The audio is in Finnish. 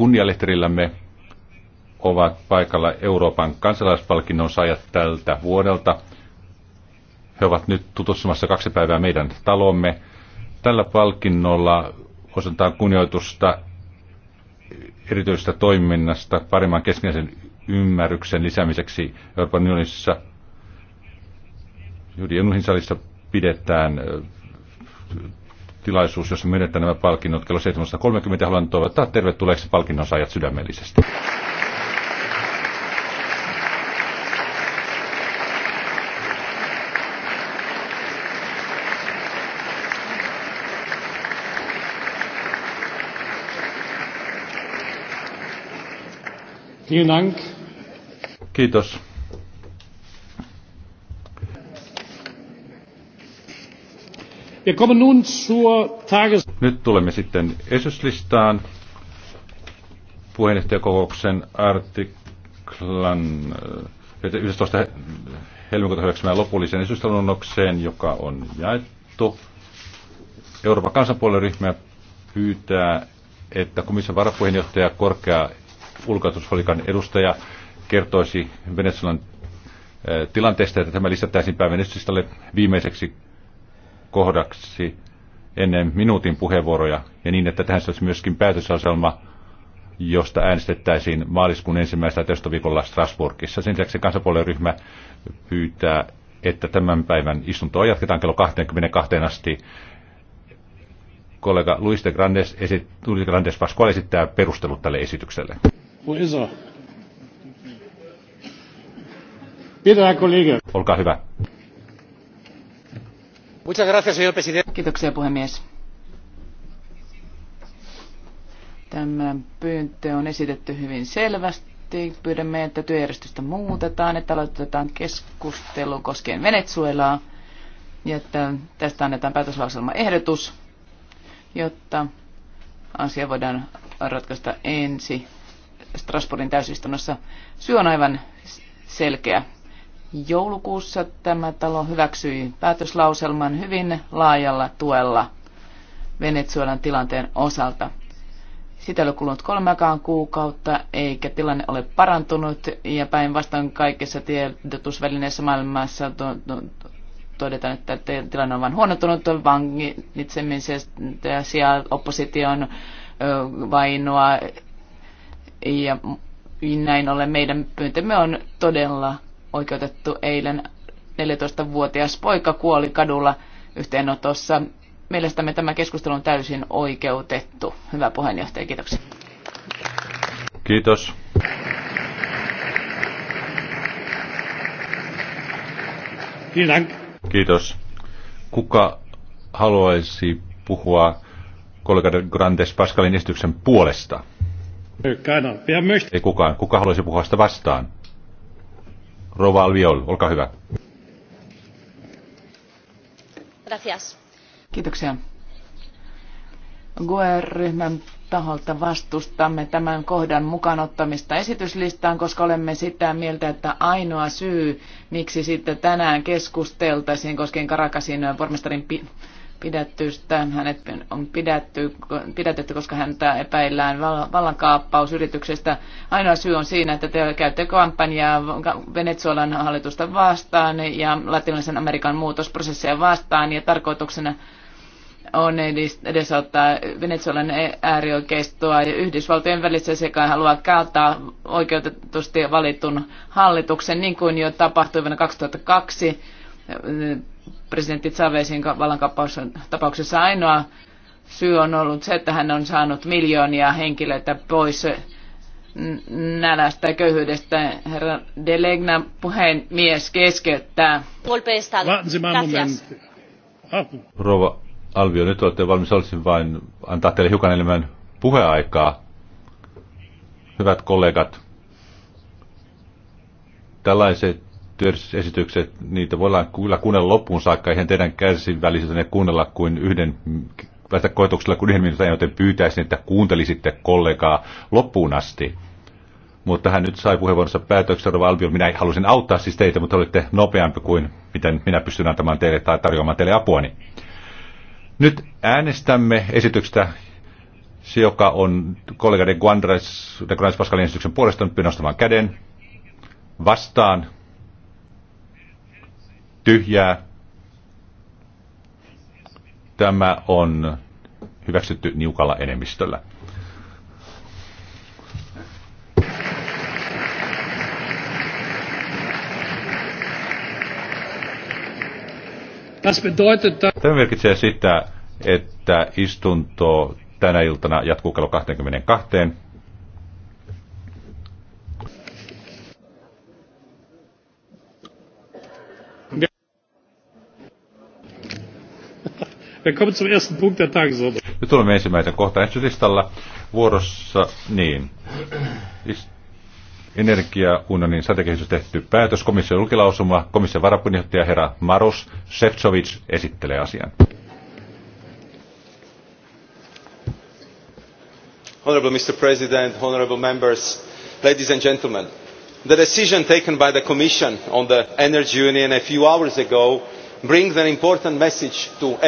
kunnialehterillämme ovat paikalla Euroopan kansalaispalkinnon saajat tältä vuodelta. He ovat nyt tutustumassa kaksi päivää meidän talomme. Tällä palkinnolla osataan kunnioitusta erityisestä toiminnasta paremman keskinäisen ymmärryksen lisäämiseksi Euroopan unionissa. Juuri pidetään tilaisuus, jossa myönnetään nämä palkinnot kello 7.30. Haluan toivottaa tervetulleeksi palkinnon saajat sydämellisesti. Kiitos. Nyt tulemme sitten esyslistaan puheenjohtajakokouksen artiklan 11. Äh, helmikuuta 9. lopulliseen esitysluonnokseen, joka on jaettu. Euroopan kansanpuolen ryhmä pyytää, että komission varapuheenjohtaja korkea ulkoituspolitiikan edustaja kertoisi Venezuelan äh, tilanteesta, että tämä lisättäisiin päivän viimeiseksi kohdaksi ennen minuutin puheenvuoroja ja niin, että tähän olisi myöskin päätösaselma, josta äänestettäisiin maaliskuun ensimmäisellä testoviikolla Strasbourgissa. Sen lisäksi kansapuolen ryhmä pyytää, että tämän päivän istuntoa jatketaan kello 22 asti. Kollega Luis de Grandes, esit, Luis de Grandes Pascual esittää perustelut tälle esitykselle. Olkaa hyvä. Kiitoksia puhemies. Tämä pyyntö on esitetty hyvin selvästi. Pyydämme, että työjärjestystä muutetaan, että aloitetaan keskustelu koskien Venezuelaa ja että tästä annetaan ehdotus, jotta asia voidaan ratkaista ensi Strasbourgin täysistunnossa. Syy on aivan selkeä. Joulukuussa tämä talo hyväksyi päätöslauselman hyvin laajalla tuella Venezuelan tilanteen osalta. Sitä ei ole kulunut kolmeakaan kuukautta, eikä tilanne ole parantunut, ja päinvastoin kaikissa tiedotusvälineissä maailmassa to, to, todetaan, että tilanne on vain huonontunut, vangitsemisestä ja sijaan opposition vainoa, ja näin ollen meidän pyyntömme on todella oikeutettu eilen 14-vuotias poika kuoli kadulla yhteenotossa. Mielestämme tämä keskustelu on täysin oikeutettu. Hyvä puheenjohtaja, kiitoksia. Kiitos. Kiitos. Kuka haluaisi puhua kollega Grandes Pascalin esityksen puolesta? Ei kukaan. Kuka haluaisi puhua sitä vastaan? Rova Alviol, olkaa hyvä. Gracias. Kiitoksia. GUE-ryhmän taholta vastustamme tämän kohdan mukaanottamista esityslistaan, koska olemme sitä mieltä, että ainoa syy, miksi sitten tänään keskusteltaisiin koskien Karakasin pormestarin pidättystä. Hänet on pidätty, pidätetty, koska häntä epäillään vallankaappausyrityksestä. Ainoa syy on siinä, että te käytte kampanjaa Venezuelan hallitusta vastaan ja latinalaisen Amerikan muutosprosessia vastaan ja tarkoituksena on edesauttaa Venezuelan äärioikeistoa ja Yhdysvaltojen välissä sekä haluaa kaataa oikeutetusti valitun hallituksen, niin kuin jo tapahtui vuonna 2002 presidentti Chavezin vallankapauksessa ainoa syy on ollut se, että hän on saanut miljoonia henkilöitä pois nälästä ja köyhyydestä. Herra Delegna puhemies keskeyttää. Rouva Alvio, nyt olette valmis, olisin vain antaa teille hiukan enemmän puheaikaa. Hyvät kollegat, tällaiset esitykset, niitä voidaan kyllä kuunnella loppuun saakka, eihän teidän kärsivällisyytenne kuunnella kuin yhden päästä koetuksella kuin yhden minuutin, joten pyytäisin, että kuuntelisitte kollegaa loppuun asti. Mutta hän nyt sai puheenvuorossa päätöksen, Rova minä halusin auttaa siis teitä, mutta olitte nopeampi kuin miten minä pystyn antamaan teille tai tarjoamaan teille apuani. Nyt äänestämme esityksestä, se joka on kollega de Guandres, de Guandres Pascalin esityksen puolesta, nyt nostamaan käden vastaan tyhjää. Tämä on hyväksytty niukalla enemmistöllä. Tämä merkitsee sitä, että istunto tänä iltana jatkuu kello 22. Nyt tulemme ensimmäisen kohtaan esityslistalla vuorossa niin. Energiaunionin strategisessa tehty päätös, komission julkilausuma, komission varapuheenjohtaja herra Maros Sefcovic esittelee asian. Honorable Mr. President, honorable members, ladies and gentlemen. The decision taken by the Commission on the Energy Union a few hours ago brings an important message to